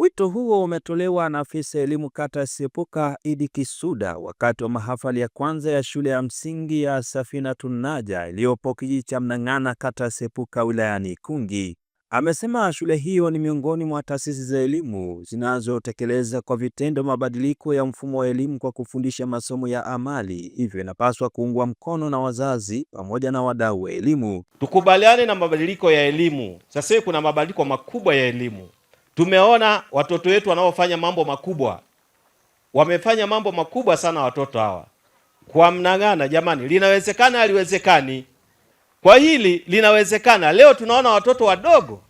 Wito huo umetolewa na afisa elimu kata ya Sepuka Idi Kisuda wakati wa mahafali ya kwanza ya shule ya msingi ya safina Tunaja iliyopo kijiji cha Mnang'ana kata ya Sepuka wilayani Ikungi. Amesema shule hiyo ni miongoni mwa taasisi za elimu zinazotekeleza kwa vitendo mabadiliko ya mfumo wa elimu kwa kufundisha masomo ya amali, hivyo inapaswa kuungwa mkono na wazazi pamoja na wadau wa elimu. Tukubaliane na mabadiliko ya elimu. Sasa hivi kuna mabadiliko makubwa ya elimu Tumeona watoto wetu wanaofanya mambo makubwa, wamefanya mambo makubwa sana watoto hawa kwa mnang'ana. Jamani, linawezekana haliwezekani? Kwa hili linawezekana. Leo tunaona watoto wadogo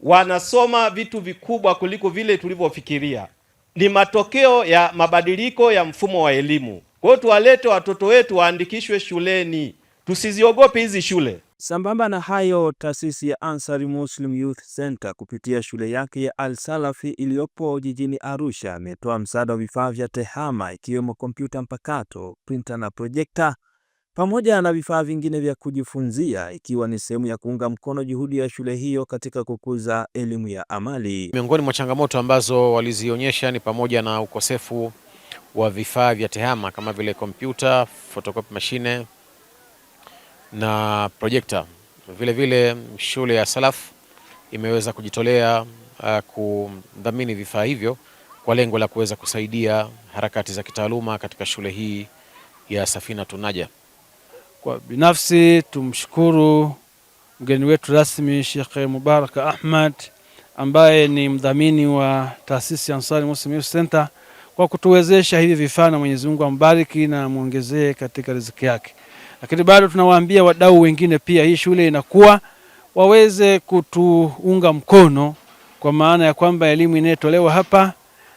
wanasoma vitu vikubwa kuliko vile tulivyofikiria. Ni matokeo ya mabadiliko ya mfumo wa elimu. Kwa hiyo tuwalete watoto wetu waandikishwe shuleni, tusiziogope hizi shule. Sambamba na hayo, taasisi ya Ansari Muslim Youth Center kupitia shule yake ya Al Salafi iliyopo jijini Arusha ametoa msaada wa vifaa vya tehama ikiwemo kompyuta mpakato, printer na projekta pamoja na vifaa vingine vya kujifunzia ikiwa ni sehemu ya kuunga mkono juhudi ya shule hiyo katika kukuza elimu ya amali. Miongoni mwa changamoto ambazo walizionyesha ni pamoja na ukosefu wa vifaa vya tehama kama vile kompyuta, photocopy mashine na projekta. Vile vile shule ya Salaf imeweza kujitolea uh, kudhamini vifaa hivyo kwa lengo la kuweza kusaidia harakati za kitaaluma katika shule hii ya safina tunaja Kwa binafsi tumshukuru mgeni wetu rasmi Sheikh Mubarak Ahmad ambaye ni mdhamini wa taasisi ya Ansari Muslim Youth Center kwa kutuwezesha hivi vifaa, na Mwenyezi Mungu ambariki na amwongezee katika riziki yake. Lakini bado tunawaambia wadau wengine pia, hii shule inakuwa waweze kutuunga mkono kwa maana ya kwamba elimu inayotolewa hapa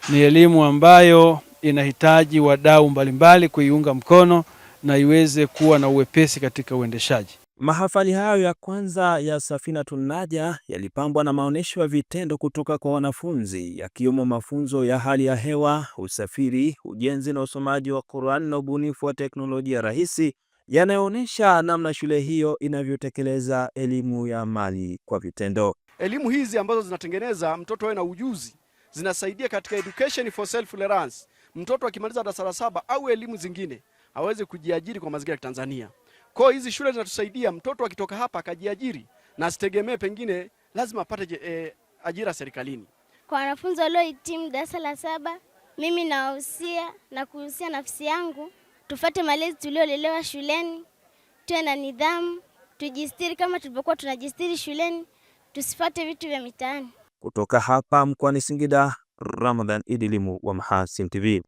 ni elimu ambayo inahitaji wadau mbalimbali kuiunga mkono na iweze kuwa na uwepesi katika uendeshaji. Mahafali hayo ya kwanza ya Safinatun tunaja yalipambwa na maonyesho ya vitendo kutoka kwa wanafunzi yakiwemo mafunzo ya hali ya hewa, usafiri, ujenzi na usomaji wa Qur'an na ubunifu wa teknolojia rahisi yanayoonyesha namna shule hiyo inavyotekeleza elimu ya mali kwa vitendo. Elimu hizi ambazo zinatengeneza mtoto awe na ujuzi zinasaidia katika education for self reliance. Mtoto akimaliza darasa la saba au elimu zingine aweze kujiajiri kwa mazingira ya Tanzania. Kwa hiyo hizi shule zinatusaidia mtoto akitoka hapa akajiajiri na asitegemee pengine lazima apate e, ajira serikalini. Kwa wanafunzi waliohitimu darasa la saba, mimi nawahusia na kuhusia nafsi yangu tufate malezi tuliolelewa shuleni, tuwe na nidhamu, tujistiri kama tulivyokuwa tunajistiri shuleni, tusifate vitu vya mitaani. Kutoka hapa mkoani Singida, Ramadhan Idilimu wa Mahasim TV.